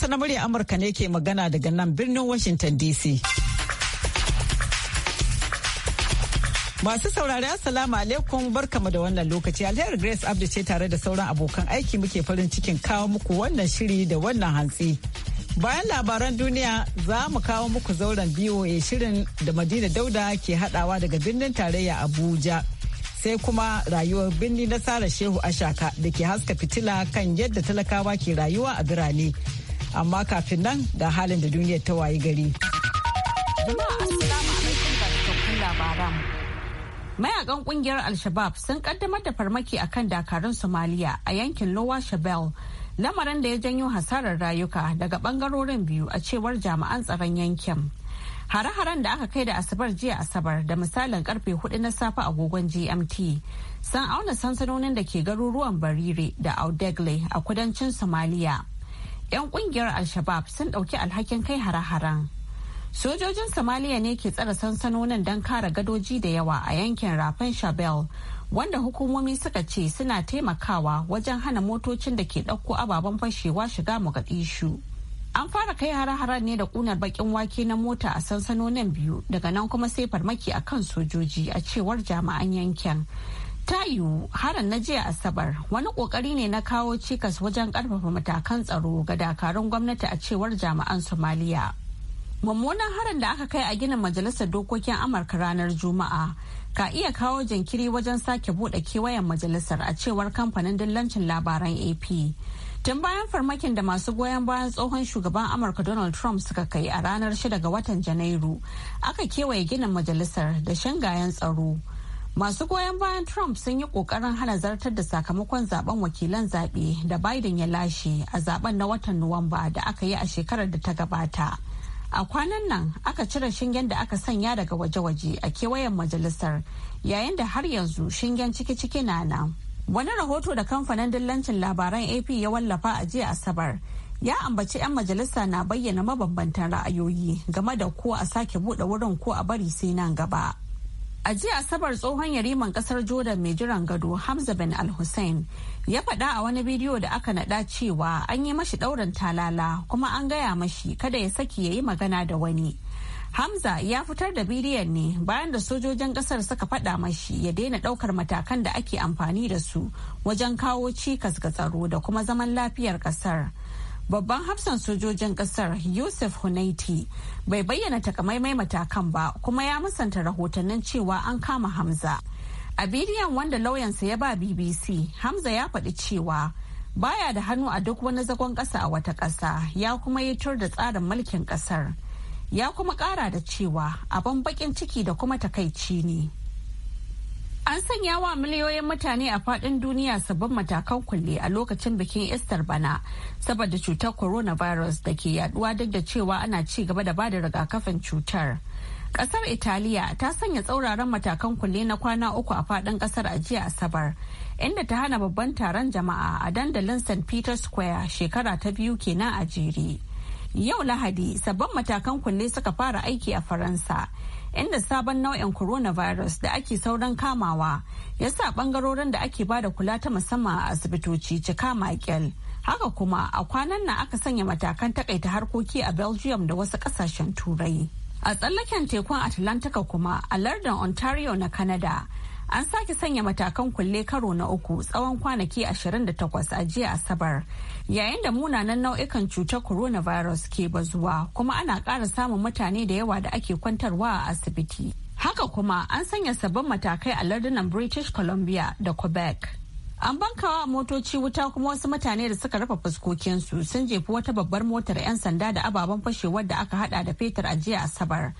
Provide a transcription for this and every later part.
Hausa na murya Amurka ne ke magana daga nan birnin Washington DC. Masu saurari Assalamu alaikum barkamu da wannan lokaci alherin Grace Abdi ce tare da sauran abokan aiki muke farin cikin kawo muku wannan shiri da wannan hantsi. Bayan labaran duniya za mu kawo muku zauren BOA shirin da Madina Dauda ke hadawa daga birnin tarayya Abuja. sai kuma rayuwar birni na Sara Shehu Ashaka da ke haska fitila kan yadda talakawa ke rayuwa a birane amma kafin nan ga halin da duniyar ta wayi gari. Jama'a labaran. Mayakan kungiyar al shabaab sun kaddamar da farmaki a kan dakarun Somalia a yankin Lowa Shabelle lamarin da ya janyo hasarar rayuka daga bangarorin biyu a cewar jami'an tsaron yankin. Hare-haren da aka kai da Asabar jiya Asabar da misalin karfe huɗu na safe agogon GMT sun auna sansanonin da ke garuruwan Barire da Audegle a kudancin Somalia. 'yan kungiyar al-shabab sun dauki alhakin kai hare-haren sojojin somalia ne ke tsare sansanonin don kare gadoji da yawa a yankin rafin shabel wanda hukumomi suka ce suna taimakawa wajen hana motocin da ke ɗauko ababen fashewa shiga mogadishu an fara kai hare-haren ne da kunar bakin wake na mota a sansanonin biyu daga nan kuma sai farmaki a kan sojoji a cewar jami'an yankin ta yiwu harin na jiya asabar wani kokari ne na kawo cikas wajen karfafa matakan tsaro ga dakarun gwamnati a cewar jami'an somaliya mummunan harin da aka kai a ginin majalisar dokokin amurka ranar juma'a ka iya kawo jinkiri wajen sake bude kewayen majalisar a cewar kamfanin dillancin labaran ap tun bayan farmakin da masu goyon bayan tsohon shugaban amurka donald trump suka kai a ranar 6 ga watan janairu aka kewaye ginin majalisar da shingayen tsaro Masu goyon bayan Trump sun yi kokarin hana zartar da sakamakon zaben wakilan zaɓe da Biden ya lashe a zaben na watan Nuwamba da aka yi a shekarar da ta gabata. A kwanan nan aka cire shingen da aka sanya daga waje-waje a kewayen majalisar yayin da har yanzu shingen ciki-ciki na nan. Wani rahoto da kamfanin dillancin labaran AP ya wallafa a jiya Asabar ya ambaci 'yan majalisa na bayyana mabambantan ra'ayoyi game da ko a sake buɗe wurin ko a bari sai nan gaba. A jiya Asabar tsohon yariman kasar Jordan mai jiran gado Hamza bin Al-Hussein ya faɗa a wani bidiyo da aka naɗa cewa an yi mashi ɗaurin talala kuma an gaya mashi kada ya saki ya yi magana da wani. Hamza ya fitar da bidiyon ne bayan da sojojin ƙasar suka faɗa mashi ya daina ɗaukar matakan da ake amfani da su wajen kawo cikas ga tsaro da kuma zaman lafiyar ƙasar. babban hafsan sojojin kasar yusuf hunaiti bai bayyana takamaimai matakan ba kuma ya musanta rahotannin cewa an kama hamza a bidiyon wanda lauyansa ya ba bbc hamza ya faɗi cewa baya da hannu a duk wani zagon ƙasa a wata ƙasa ya kuma yi tur da tsarin mulkin ƙasar ya kuma ƙara da cewa abin baƙin ciki da kuma takaici ne An sanya wa miliyoyin mutane a faɗin duniya sabbin matakan kulle a lokacin bikin Easter bana saboda cutar coronavirus da ke yaduwa duk da cewa ana ci gaba da bada rigakafin cutar. Kasar Italiya ta sanya tsauraran matakan kulle na kwana uku a faɗin kasar a jiya Asabar, inda ta hana babban taron jama'a a dandalin St. Peter Square shekara ta biyu kenan a jere. Yau Lahadi sabon matakan kulle suka fara aiki a Faransa. Inda sabon nau'in coronavirus da ake sauran kamawa ya sa bangarorin da ake ba da kula ta musamman a asibitoci cika makel. Haka kuma a kwanan nan aka sanya matakan takaita harkoki a Belgium da wasu kasashen turai. A tsallaken tekun Atlantika kuma a lardin Ontario na Canada an sake sanya matakan kulle karo na uku tsawon kwanaki 28 a jiya asabar yayin da munanan nau'ikan cutar coronavirus ke bazuwa kuma ana ƙara samun mutane da yawa da ake kwantarwa a asibiti haka kuma an sanya sabbin matakai a lardunan british columbia da quebec an bankawa motoci wuta kuma wasu mutane da suka rufe fuskokinsu sun jefi wata babbar motar 'yan sanda da ababen fashewar da aka hada da fetur a jiya asabar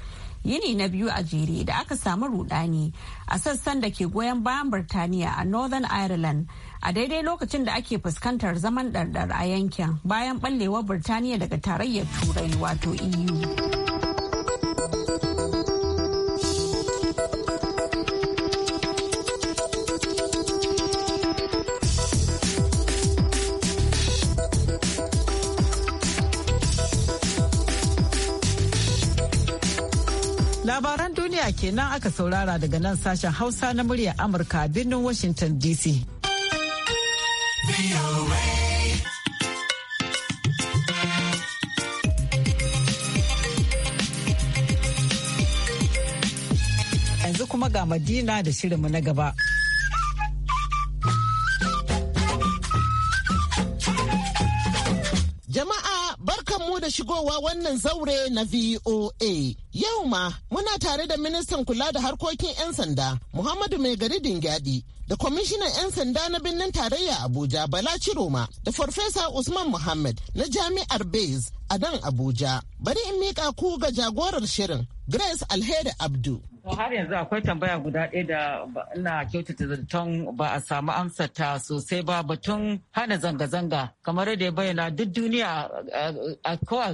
yini na biyu a jere da aka samu rudani a sassan da ke goyon bayan birtaniya a northern ireland a daidai lokacin da ake fuskantar zaman ɗarɗar a yankin bayan ɓallewar birtaniya daga tarayyar turai wato eu kenan aka saurara daga nan sashen Hausa na muryar Amurka a birnin Washington DC. Yanzu kuma ga Madina da shirinmu na gaba. wannan zaure na VOA. Yau ma muna tare da ministan kula da harkokin 'yan sanda Muhammadu Mai gari Dingyadi da kwamishinan 'yan sanda na birnin tarayya Abuja Bala Ciroma da Farfesa Usman Muhammad na Jami'ar Bez a dan Abuja. Bari in miƙa ku ga jagorar shirin Grace Alheri Abdu. har yanzu akwai tambaya guda ɗaya da ina kyautata zaton ba a samu amsa ta sosai ba batun hana zanga-zanga kamar da ya bayyana duk duniya eh, eh, a kowa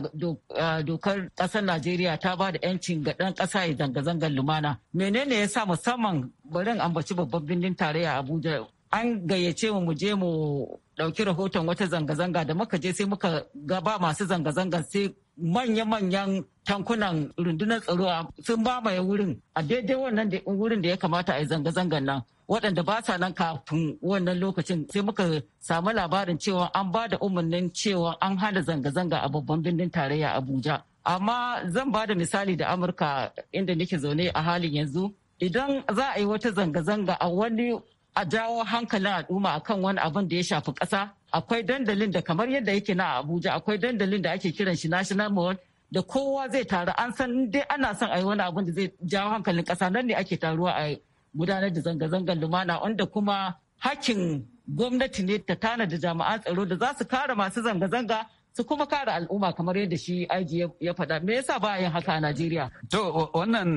eh, dokar ƙasar najeriya ta ba da 'yancin ga ɗan ƙasa ya zanga-zangar lumana menene ya sa musamman barin ambaci babban birnin tarayya abuja an gayyace mu je mu ɗauki rahoton wata zanga-zanga da muka je sai muka gaba masu zanga zanga sai manya-manyan tankunan rundunar tsaro sun mamaye wurin a daidai wannan wurin da ya kamata a yi zanga-zangan nan waɗanda ba sa nan kafin wannan lokacin sai muka samu labarin cewa an ba da umarnin cewa an hana zanga-zanga a babban birnin tarayya abuja amma zan ba da misali da amurka inda nake zaune a halin yanzu idan za a yi wata zanga-zanga a wani a jawo hankalin al'umma akan wani abin da ya shafi ƙasa akwai dandalin da kamar yadda yake na abuja akwai dandalin da ake kiran shi national mall da kowa zai taru an san dai ana son a yi wani abin da zai jawo hankalin kasa nan ne ake taruwa a gudanar da zanga-zangar lumana wanda kuma hakkin gwamnati ne ta tana da jami'an tsaro da za su kare masu zanga-zanga su kuma kare al'umma kamar yadda shi aji ya faɗa me yasa ba yin haka a Najeriya. To wannan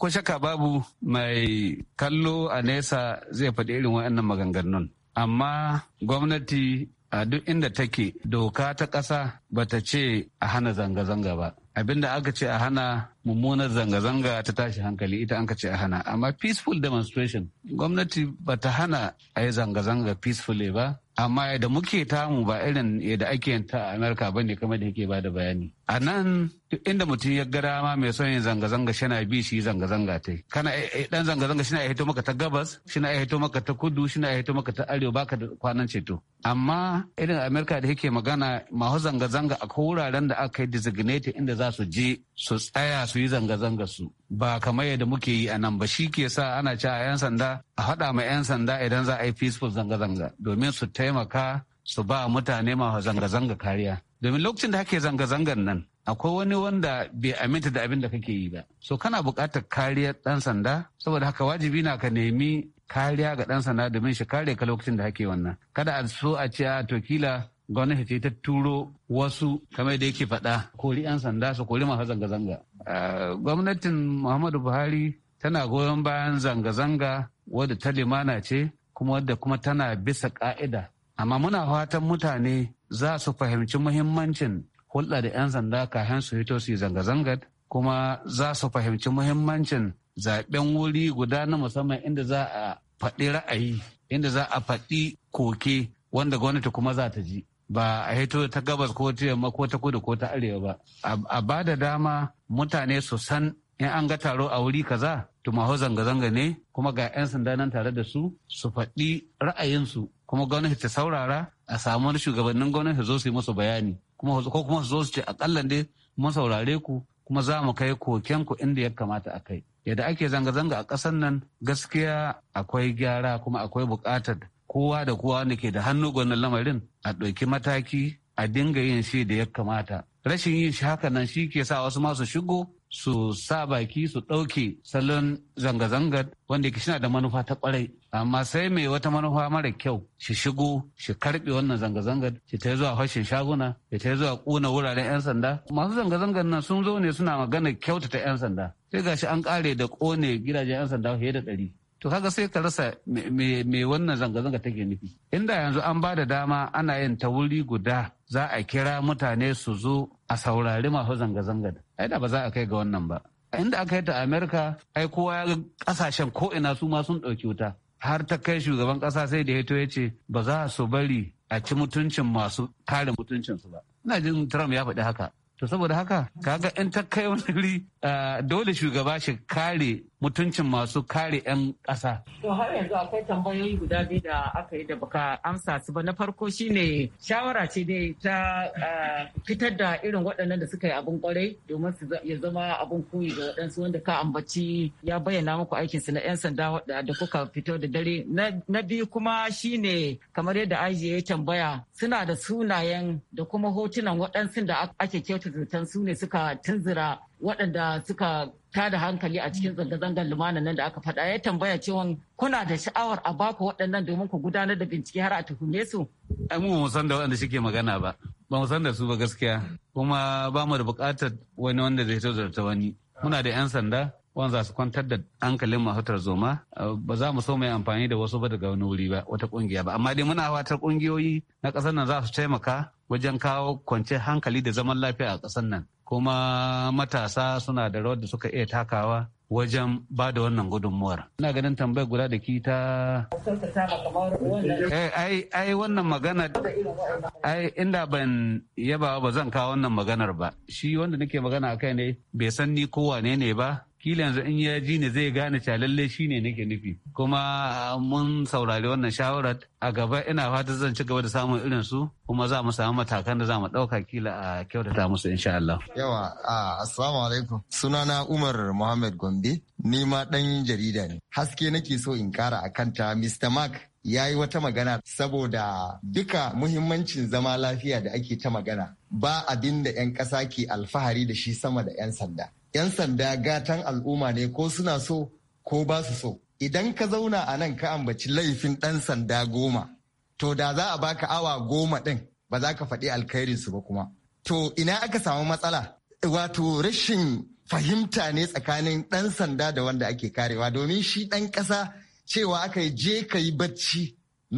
ko shaka babu mai kallo a nesa zai faɗi irin waɗannan maganganun. amma gwamnati a duk inda take doka ta ƙasa bata ce a hana zanga-zanga ba abinda aka ce a hana mummunar zanga-zanga ta tashi hankali ita an ka ce a hana amma peaceful demonstration gwamnati bata hana a yi zanga-zanga peacefully ba amma yadda muke tamu ba irin yadda ake yanta ta a amerika bane kamar da yake ba da bayani a nan inda mutum ya ga dama mai son yin zanga-zanga shana bi shi zanga-zanga ta yi. kana dan eh, eh, zanga-zanga shina ya hito maka ta gabas shina ya hito maka ta kudu shina ya hito maka ta arewa baka da kwanan ceto amma irin amerika da yake magana masu zanga-zanga a wuraren da aka yi designated inda za su je su tsaya su yi zanga-zanga su ba kamar yadda muke yi a nan ba shi ke sa ana cewa 'yan sanda a haɗa ma 'yan sanda idan za a yi peaceful zanga-zanga domin su taimaka su ba mutane masu zanga-zanga kariya domin lokacin da ake zanga-zangar nan akwai wani wanda bai aminta da abin da kake yi ba so kana buƙatar kariya ɗan sanda saboda haka wajibi na ka nemi kariya ga ɗan sanda domin shi kare ka lokacin da ake wannan kada a so a ce a to kila gwamnati ce ta turo wasu kamar da yake faɗa kori 'yan sanda su kori masu zanga-zanga gwamnatin muhammadu buhari tana goyon bayan zanga-zanga wadda ta limana ce kuma wadda kuma tana bisa ƙa'ida amma muna fatan mutane za su fahimci muhimmancin hulɗa da 'yan sanda kafin su hito su yi zanga-zangar kuma za su fahimci muhimmancin zaɓen wuri guda na musamman inda za a faɗi ra'ayi inda za a faɗi koke wanda gwamnati kuma za ta ji ba a hito ta gabas ko ta yamma ko ta kudu ko ta arewa ba a ba da dama mutane su san in an ga taro a wuri kaza tumaho zanga-zanga ne kuma ga 'yan sanda nan tare da su su faɗi ra'ayinsu kuma gwamnati ta saurara a samu wani shugabannin gwamnati zo su yi musu bayani kuma ko kuma su zo su ce akalla dai mun saurare ku kuma za mu kai koken ku inda ya kamata a kai yadda ake zanga-zanga a ƙasar nan gaskiya akwai gyara kuma akwai buƙatar kowa da kowa wanda ke da hannu gwanin lamarin a ɗauki mataki a dinga yin shi da ya kamata rashin yin shi haka nan shi ke sa wasu masu shigo su sa baki su ɗauke salon zanga-zangar wanda ke shina da manufa ta ƙwarai amma sai mai wata manufa mara kyau shi shigo shi karbe wannan zanga-zangar shi ta zuwa fashin shaguna shi ta zuwa kuna wuraren 'yan sanda masu zanga-zangar nan sun zo ne suna magana ta 'yan sanda sai ga shi an kare da kone gidajen 'yan sanda fiye da ɗari to kaga sai ka rasa me wannan zanga-zanga take nufi inda yanzu an ba da dama ana yin ta wuri guda za a kira mutane su zo a saurari masu zanga-zanga ai da ba za a kai ga wannan ba inda aka yi ta amerika ai kowa ya ga kasashen ko ina su ma sun ɗauki wuta har ta kai shugaban kasa sai da ya ya ce ba za su bari a ci mutuncin masu kare mutuncinsu ba ina jin trump ya faɗi haka to saboda haka kaga in ta kai wani wuri eh, dole shugaba shi kare mutuncin masu kare 'yan ƙasa. To har yanzu akwai tambayoyi guda biyu da aka yi da baka amsa su ba na farko shine shawara ce dai ta fitar da irin waɗannan da suka yi abin kwarai domin su ya zama abin koyi ga waɗansu wanda ka ambaci ya bayyana muku aikin su na 'yan sanda da kuka fito da dare. Na biyu kuma shine kamar yadda aji ya tambaya suna da sunayen da kuma hotunan waɗansu da ake kyautata su ne suka tunzura waɗanda suka tada hankali a cikin zanga-zangar lumana nan da aka faɗa ya tambaya cewa kuna da sha'awar a baku waɗannan domin ku gudanar da bincike har a tuhume su. Ai mu mu san da waɗanda suke magana ba, ba mu san da su ba gaskiya, kuma ba mu da buƙatar wani wanda zai tozarta wani. Muna da 'yan sanda, wanda za su kwantar da hankalin masu tarzoma eh, ba za mu so mai amfani da wasu ba daga wani wuri ba wata kungiya ba amma dai muna fatar kungiyoyi na ƙasar nan za su taimaka wajen kawo kwanciyar hankali da zaman lafiya a ƙasar nan kuma matasa suna da rawar da suka iya takawa wajen ba da wannan gudunmuwar. Ina ganin tambayar guda da kita. Eh, ai wannan magana ai inda ban yaba ba zan kawo wannan maganar ba. Shi wanda nake magana akai ne bai san ni ko wane ne ba kila yanzu in ya ji ne zai gane cewa lalle shi ne nake nufi kuma mun saurari wannan shawarar a gaba ina fata zan ci gaba da samun irin su kuma za mu samu matakan da za mu ɗauka kila a kyautata musu insha Allah. Yawa, assalamu alaikum. Sunana Umar Muhammad Gombe, ni ma ɗan jarida ne. Haske nake so in kara a kanta Mr. Mark ya yi wata magana saboda duka muhimmancin zama lafiya da ake ta magana ba abin da 'yan ƙasa ke alfahari da shi sama da 'yan sanda. 'yan sanda gatan al'umma ne ko suna so ko ba su so idan ka zauna a nan ka ambaci laifin ɗan sanda goma to da za a baka awa goma ɗin ba za ka faɗi alkhairin su ba kuma to ina aka samu matsala wato rashin fahimta ne tsakanin ɗan sanda da wanda ake karewa domin shi ɗan ƙasa cewa aka yi je ka yi barci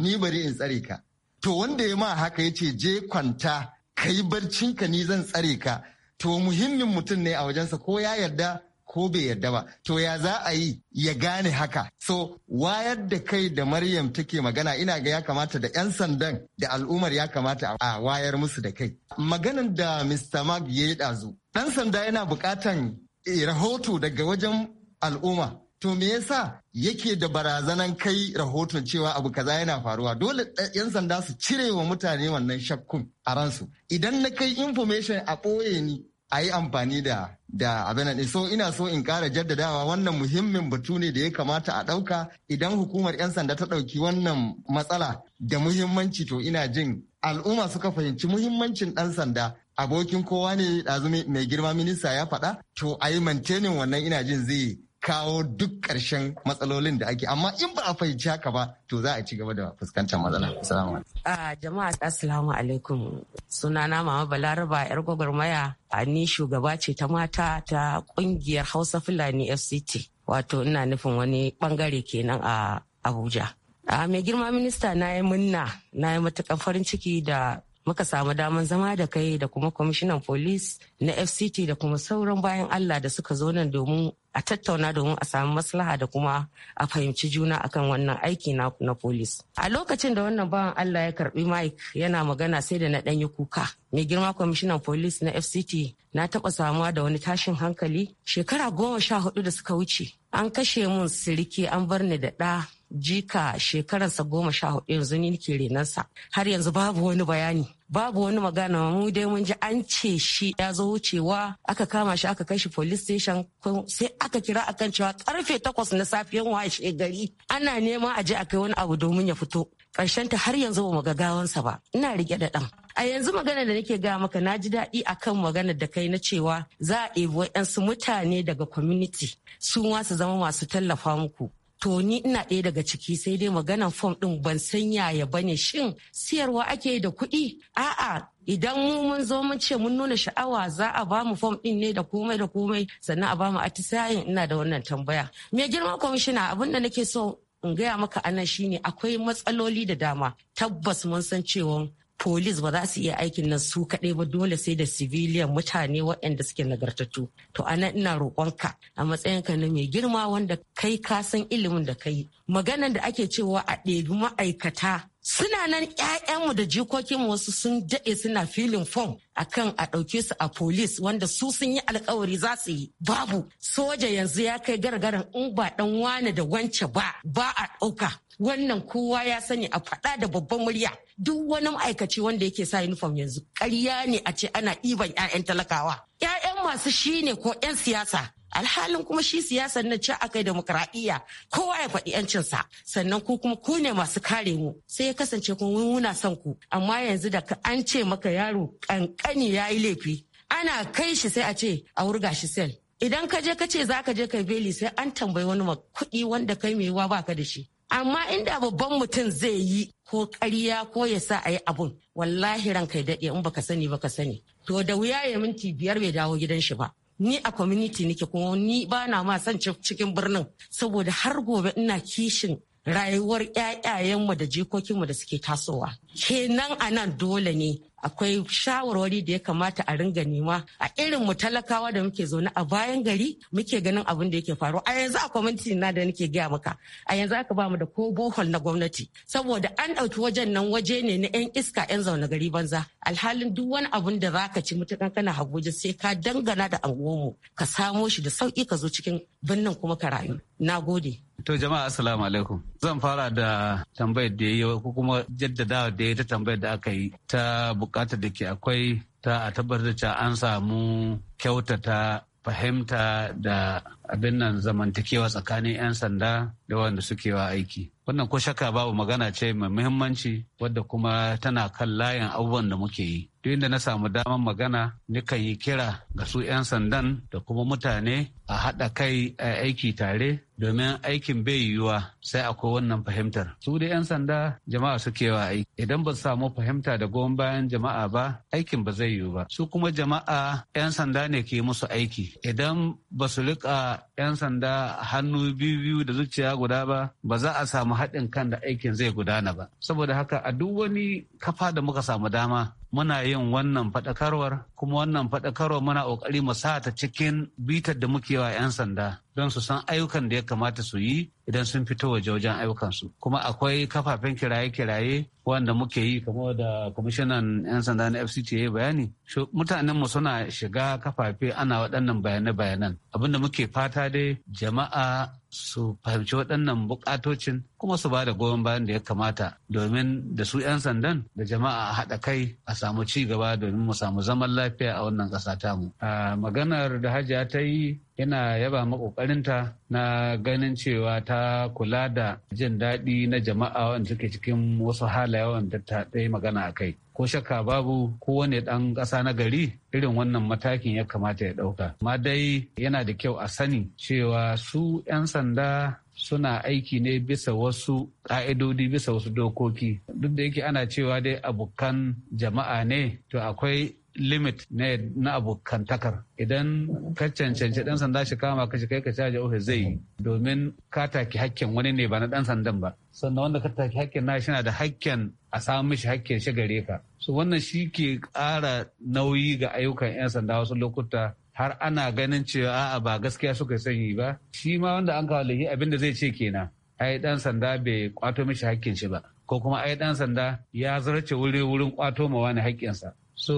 ni bari in tsare ka to wanda ya ma haka ya ce je kwanta ka yi barcinka ni zan tsare ka to muhimmin mutum ne a wajensa ko ya yarda ko bai yarda ba to ya za a yi ya gane haka so wayar da kai da maryam take magana ina ga ya kamata da 'yan sandan da al'ummar ya kamata a wayar musu da kai maganin da mr mark ya yi ɗazu ɗan sanda yana buƙatan rahoto daga wajen al'umma to me yasa yake da barazanan kai rahoton cewa abu kaza yana faruwa dole eh, yan sanda su cire wa mutane wannan shakkun a ransu idan na kai information a ɓoye ni a yi amfani da da abin so ina so in kara jaddadawa wannan muhimmin batu ne da ya kamata a ɗauka idan hukumar 'yan sanda ta ɗauki wannan matsala da muhimmanci to ina jin al'umma suka fahimci muhimmancin ɗan sanda abokin kowa ne ɗazu mai girma minista ya faɗa to a yi mantenin wannan ina jin zai kawo duk ƙarshen matsalolin da ake amma in ba a fahimci haka ba to za a ci gaba da fuskantar matsala assalamu a jama'a assalamu alaikum sunana mama balaraba yar gwagwarmaya a ni shugaba ce ta mata ta kungiyar hausa fulani fct wato ina nufin wani bangare kenan a abuja a mai girma minista na yi munna na yi matukan farin ciki da muka samu daman zama da kai da kuma kwamishinan polis na fct da kuma sauran bayan allah da suka zo nan domin a tattauna domin a samu maslaha da kuma a fahimci juna akan wannan aiki na, na polis. A lokacin da wannan bawan Allah ya karbi Mike yana magana sai da na yi kuka. Mai girma kwamishinan polis na FCT na taɓa samuwa da wani tashin hankali shekara goma sha hudu da suka wuce. An kashe mun siriki an bar ni da ɗa jika shekararsa goma sha hudu yanzu ni nake renansa har yanzu babu wani bayani. babu wani magana mu dai mun ji an ce shi ya zo wucewa aka kama shi aka kai shi police station sai aka kira akan cewa karfe takwas na safiyan washe gari ana neman a je a kai wani abu domin ya fito Karshen ta har yanzu ba mu ga gawansa ba ina rike da ɗan a yanzu magana da nake gaya maka na ji daɗi akan maganar da kai na cewa za a ɗebi wa'yansu mutane daga community su ma su zama masu tallafa muku to ni ina ɗaya daga ciki sai dai maganan fom ɗin ban san yaya bane shin siyarwa ake da kuɗi a'a idan mu mun zo mun ce mun nuna sha'awa za a ba mu fom ɗin ne da komai da komai sannan a ba mu atisayin ina da wannan tambaya me girman kwamishina abin da nake so in gaya maka anan shine akwai matsaloli da dama tabbas mun san cewa polis ba za su iya aikin nan su kaɗai ba dole sai da civilian mutane waɗanda suke nagartattu to anan ina roƙonka a matsayinka na mai girma wanda kai ka san ilimin da kai maganan da ake cewa a ɗebi ma'aikata suna nan ƴaƴanmu da jikokinmu wasu sun daɗe suna filin fom kan a ɗauke su a polis wanda su sun yi alkawari za su yi babu soja yanzu ya kai gargaran in ba ɗan wane da wance ba ba a ɗauka wannan kowa ya sani a faɗa da babban murya duk wani ma'aikaci wanda yake sa uniform yanzu ƙarya ne a ce ana ɗiban 'ya'yan talakawa 'ya'yan masu shi ne ko 'yan siyasa alhalin kuma shi siyasar na ci akai demokradiyya kowa ya faɗi yancinsa sannan ku kuma ku ne masu kare mu sai ya kasance kun wuna son ku amma yanzu da an ce maka yaro kankani ya yi laifi ana kai shi sai a ce a wurga shi sel idan ka je ka ce za ka je kai beli sai an tambayi wani kuɗi wanda kai mai yiwa baka da shi amma inda babban mutum zai yi ko ƙarya ko ya sa a yi abun wallahi ranka ya daɗe in baka sani baka sani to da wuya ya minti biyar bai dawo gidan shi ba ni a community nake kuma ni ba na ma son cikin birnin saboda har gobe ina kishin rayuwar 'ya'yayenmu da jikokinmu da suke tasowa kenan a nan dole ne akwai shawarwari da ya kamata a ringa nema a irin mu talakawa da muke zaune a bayan gari muke ganin abin da yake faru. a yanzu a kwamitin na da nake gaya maka a yanzu aka bamu da ko bohol na gwamnati saboda an ɗauki wajen nan waje ne na yan iska yan zaune gari banza alhalin duk wani abun da zaka ci mutukan kana hagu sai ka dangana da anguwanmu ka samo shi da sauki ka zo cikin birnin kuma ka rayu na gode To jama'a assalamu alaikum. Zan fara da tambayar da yi ko kuma jaddadawa da ya ta tambayar da aka yi ta bukatar da ke akwai ta a tabbatar da an samu kyautata fahimta da abin nan zamantakewa tsakanin 'yan sanda da wanda suke wa aiki wannan ko shakka babu magana ce mai muhimmanci wadda kuma tana kan layin abubuwan da muke yi duk inda na samu damar magana nikan yi kira ga su 'yan sandan da kuma mutane a haɗa kai a aiki tare domin aikin bai yiwuwa sai akwai wannan fahimtar su da 'yan sanda jama'a suke wa aiki idan ba samu fahimta da goyon bayan jama'a ba aikin ba zai yiwu ba su kuma jama'a 'yan sanda ne ke musu aiki idan ba su rika 'yan sanda hannu biyu da zuciya guda ba ba za a samu haɗin kan da aikin zai gudana ba saboda haka a duk wani kafa da muka samu dama muna yin wannan faɗakarwar kuma wannan faɗakarwar muna ƙoƙari mu sa ta cikin bitar da muke wa 'yan sanda don su san ayyukan da ya kamata su yi idan sun fito waje wajen ayyukansu kuma akwai kafafen kiraye-kiraye wanda muke yi kamar da kwamishinan 'yan sanda na fct ya bayani mutanen mu suna shiga kafafe ana waɗannan bayanan bayanan abinda muke fata dai jama'a su fahimci waɗannan bukatocin kuma su ba da goyon bayan da ya kamata domin da su 'yan sandan da jama'a a haɗa kai a samu ci gaba domin mu samu zaman lafiya a wannan ƙasa tamu. Ah, maganar da hajiya ta yi yana yaba makokarinta na ganin cewa ta kula da jin daɗi na jama'a wanda suke cikin wasu halaye wanda ta ɗaya magana a kai ko shakka babu kowane ɗan ƙasa na gari irin wannan matakin ya kamata ya ɗauka ma dai yana da kyau a sani cewa su 'yan sanda suna aiki ne bisa wasu ƙa'idodi bisa wasu dokoki duk da yake ana cewa dai abokan jama'a ne to akwai limit ne na abokantakar idan ka cancanci dan sanda shi kama ka shi kai ka caji ofis zai yi domin ka taki hakkin wani ne ba na dan sandan ba sannan wanda ka taki hakkin na shi na da hakkin a samu mishi hakkin shi gare ka so wannan shi ke ƙara nauyi ga ayyukan 'yan sanda wasu lokuta har ana ganin cewa a'a ba gaskiya suka sanyi ba shi ma wanda an kawo lahi abinda zai ce kenan ai dan sanda bai kwato mishi hakkin shi ba ko kuma ai dan sanda ya zarce wuri wurin kwato ma wani hakkinsa so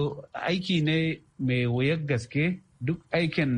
aiki ne mai wuyar gaske duk aikin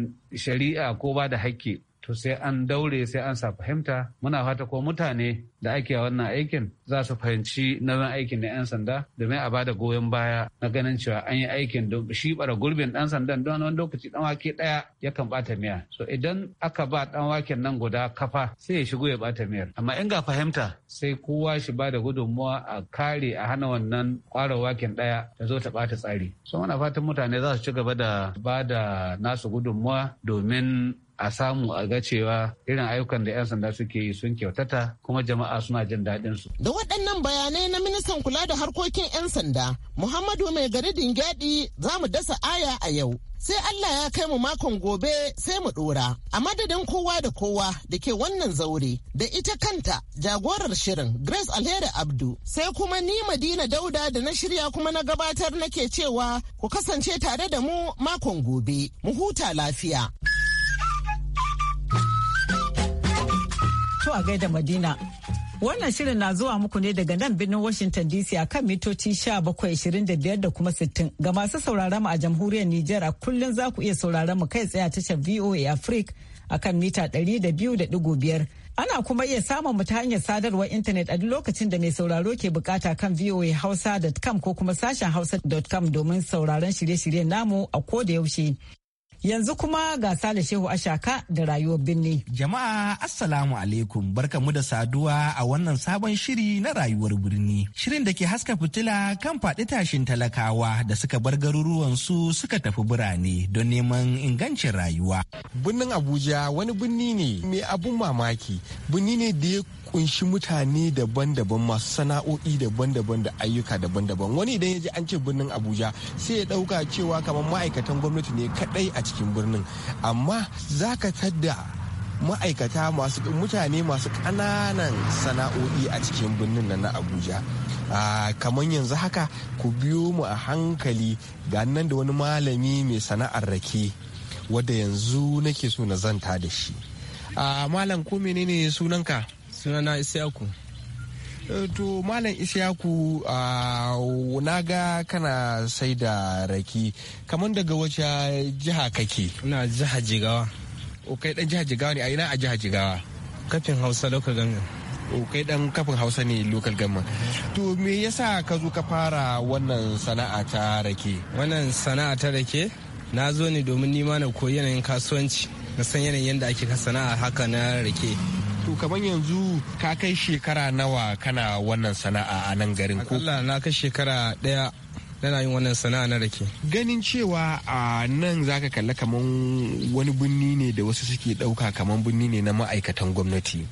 shari'a ko ba da haƙƙi to sai an daure sai an sa fahimta muna fata ko mutane da ake wannan aikin za su fahimci nazan aikin na 'yan sanda domin a bada goyon baya na ganin cewa an yi aikin shi bara gurbin dan sandan don wani lokaci dan wake daya yakan bata miya so idan aka ba dan waken nan guda kafa sai ya shigo ya bata miyar amma in ga fahimta sai kowa shi ba da gudunmuwa a kare a hana wannan kwara waken daya ta zo ta bata tsari so muna fatan mutane za su ci gaba da ba da nasu gudunmuwa domin a samu a ga cewa irin ayyukan da 'yan sanda suke yi sun kyautata kuma jama'a suna jin daɗin su. Da waɗannan bayanai na ministan kula da harkokin 'yan sanda Muhammadu Mai Gari gyaɗi za mu dasa aya a yau. Sai Allah ya kai mu makon gobe sai mu ɗora. A madadin kowa da kowa da ke wannan zaure da ita kanta jagorar shirin Grace Alheri Abdu sai kuma ni Madina Dauda da na shirya kuma na gabatar nake cewa ku kasance tare da mu makon gobe. Mu huta lafiya. To a gaida Madina. Wannan shirin na zuwa muku ne daga nan birnin Washington DC a kan mitoci 1725 da kuma 60. Ga masu sauraron mu a jamhuriyar Nijar a kullum za ku iya sauraron mu kai tsaye a tashar VOA Africa a kan mita 200.5. Ana kuma iya samun mu ta hanyar sadarwar intanet a duk lokacin da mai sauraro ke bukata kan voahausa.com ko kuma sashen hausa.com domin sauraron shirye-shiryen namu a ko da yaushe. Yanzu kuma ga Sale Shehu Ashaka da rayuwar birni. Jama'a Assalamu alaikum barkamu da saduwa a wannan sabon shiri na rayuwar birni. Shirin da ke haska fitila kan faɗi tashin talakawa da suka bar garuruwan su suka tafi birane don neman ingancin rayuwa. Birnin Abuja wani birni ne mai abun mamaki. Birni ne da ya kunshi mutane daban-daban masu sana'o'i daban-daban da ayyuka daban-daban wani idan ya ji an ce birnin abuja sai ya dauka cewa kamar ma'aikatan gwamnati ne kadai a cikin birnin amma za ka tadda ma'aikata masu mutane masu kananan sana'o'i a cikin birnin nan na abuja kamar yanzu haka ku biyo mu a hankali ga nan da wani malami mai sana'ar rake wadda yanzu nake so na zanta da shi malam ko menene sunanka sunana isiyaku eh, to malam isiyaku na ga kana sai da raki kamar daga wace jiha kake na jiha jigawa o kai dan jiha jigawa ne a ina a jiha jigawa kafin hausa lokal government o kai dan kafin hausa ne lokal government to me yasa ka zo ka fara wannan sana'a ta rake wannan sana'a ta rake na zo ne domin nima na koyi yanayin kasuwanci na san yanayin yadda ake sana'a haka na rake To kamar yanzu ka kai shekara nawa kana wannan sana'a a nan garin ko? Allah na kai shekara ɗaya nana yin wannan sana'a na rake. Ganin cewa a nan zaka kalla kaman wani birni ne da wasu suke ɗauka kaman birni ne na ma'aikatan gwamnati.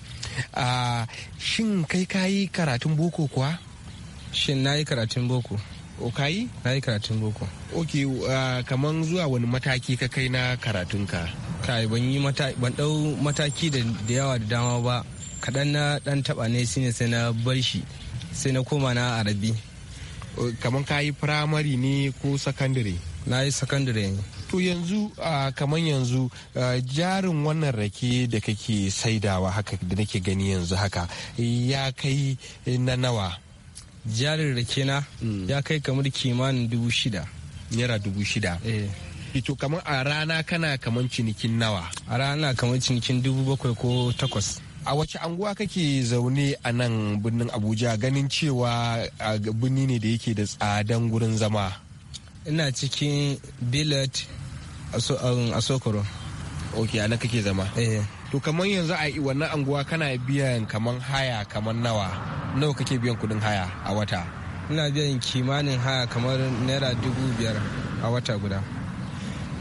Shin kai kayi karatun boko kuwa? Shin na yi karatun boko. O kayi? Na yi karatun boko. Ok, kaman zuwa wani mataki ka kai na karatunka? kai ban yi ban dau mataki da yawa da dama ba kadan na dan taba ne shine sai na bar shi sai na koma na arabi kamar ka yi firamare ne ko sakandare na yi sakandare ne to yanzu kamar yanzu jarin wannan rake da kake saidawa haka da nake gani yanzu haka ya kai na nawa jarin rake na mm. ya kai kamar kimanin dubu shida naira dubu shida eh. fito kamar a rana kana kamar cinikin nawa? A rana kamar cinikin dubu bakwai ko takwas. a wace anguwa kake zaune a nan birnin abuja ganin cewa birni ne da yake da tsadan gurin zama ina cikin billet a um, sokoro ok a nan kake zama eh. to kamar yanzu a wannan anguwa kana biyan kamar haya kamar nawa nawa kake biyan kudin haya a wata ina biyan kimanin haya kamar naira dubu biyar a wata guda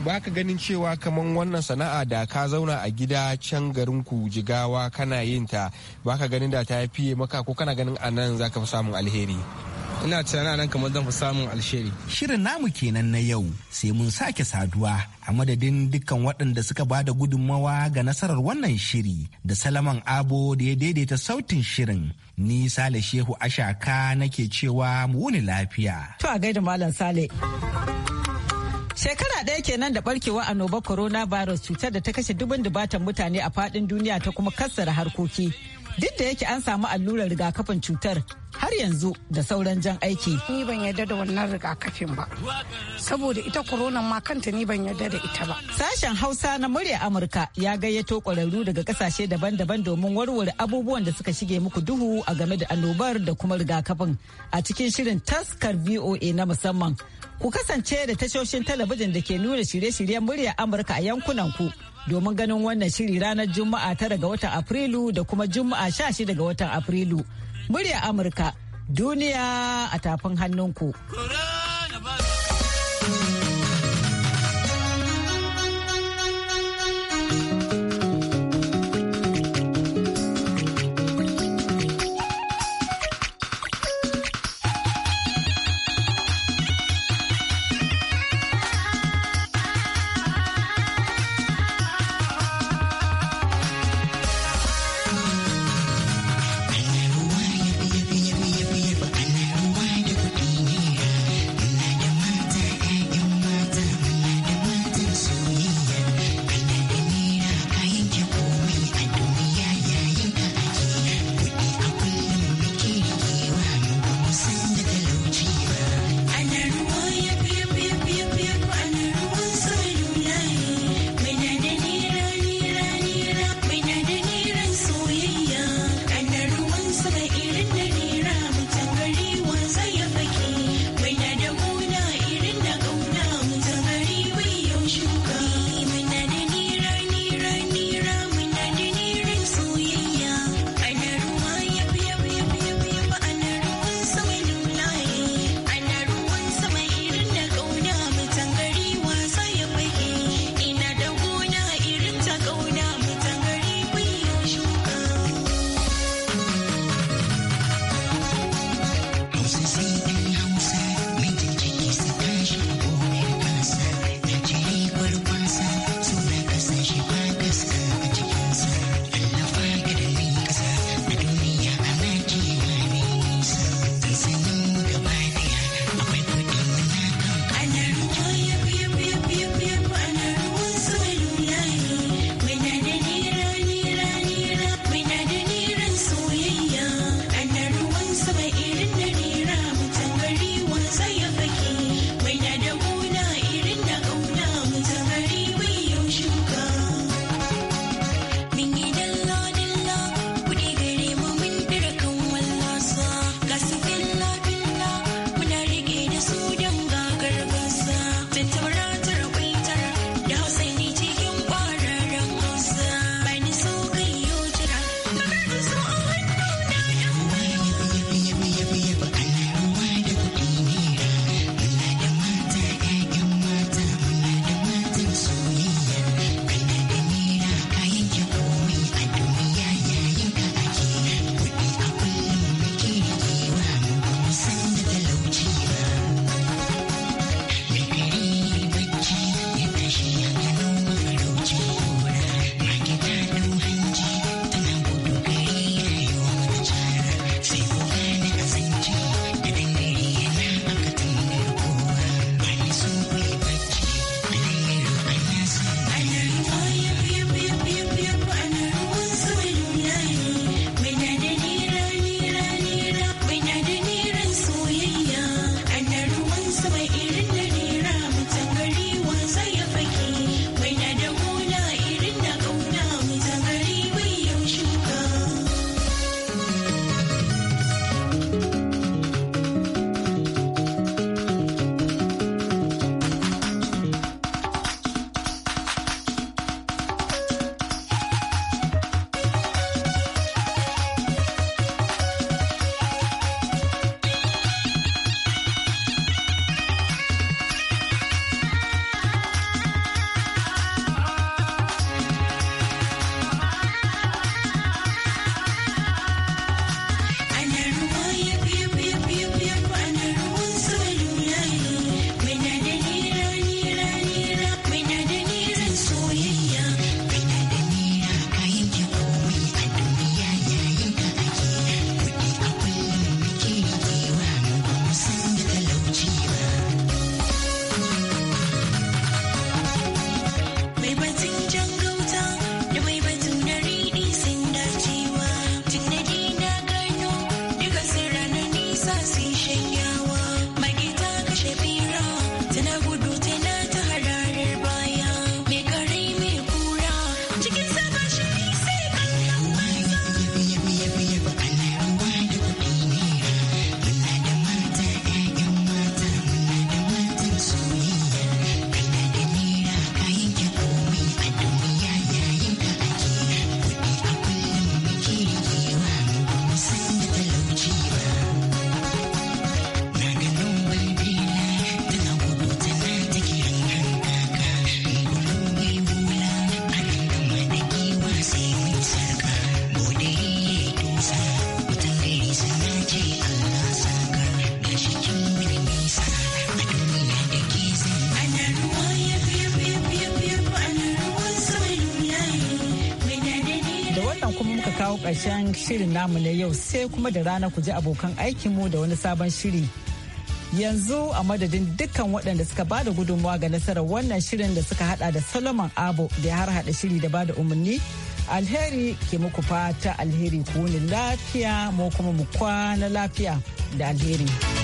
ba ka ganin cewa kamar wannan sana'a da ka zauna a gida can garin ku jigawa kana yin ta ba ganin da ta fiye maka ko kana ganin a nan za ka fi samun alheri ina tunanin nan kamar zan fi samun alheri shirin namu kenan na yau sai mun sake saduwa a madadin dukkan waɗanda suka ba da gudummawa ga nasarar wannan shiri da salaman abo da ya daidaita sautin shirin ni sale shehu ashaka nake cewa mu wuni lafiya to a gaida malam sale Shekara ɗaya kenan da barkewa annoba coronavirus cutar da ta kashe dubin dubatan mutane a faɗin duniya ta kuma kassara harkoki. duk da yake an samu allurar rigakafin cutar har yanzu da sauran jan aiki. Ni ban yarda da wannan rigakafin ba, saboda ita koronan ma kanta ni ban yarda da ita ba. Sashen Hausa na murya Amurka ya gayyato ƙwararru daga ƙasashe daban-daban domin warware abubuwan da suka shige muku duhu a game da annobar da kuma rigakafin a cikin shirin taskar VOA na musamman. Ku kasance da tashoshin talabijin da ke nuna shirye-shiryen murya Amurka a yankunan ku. domin ganin wannan shiri ranar Juma'a tara ga watan Afrilu da kuma Juma'a sha shida ga watan Afrilu. Murya Amurka, duniya a tafin hannunku. ƙarshen shirin namu na yau sai kuma da rana ku ji abokan aikinmu da wani sabon shiri. Yanzu a madadin dukkan waɗanda suka ba da gudunmawa ga nasarar wannan shirin da suka hada da Solomon abu da ya harhaɗa shiri da ba da umarni. Alheri ke muku fata alheri ku wuni lafiya mu kuma mu kwana lafiya da alheri.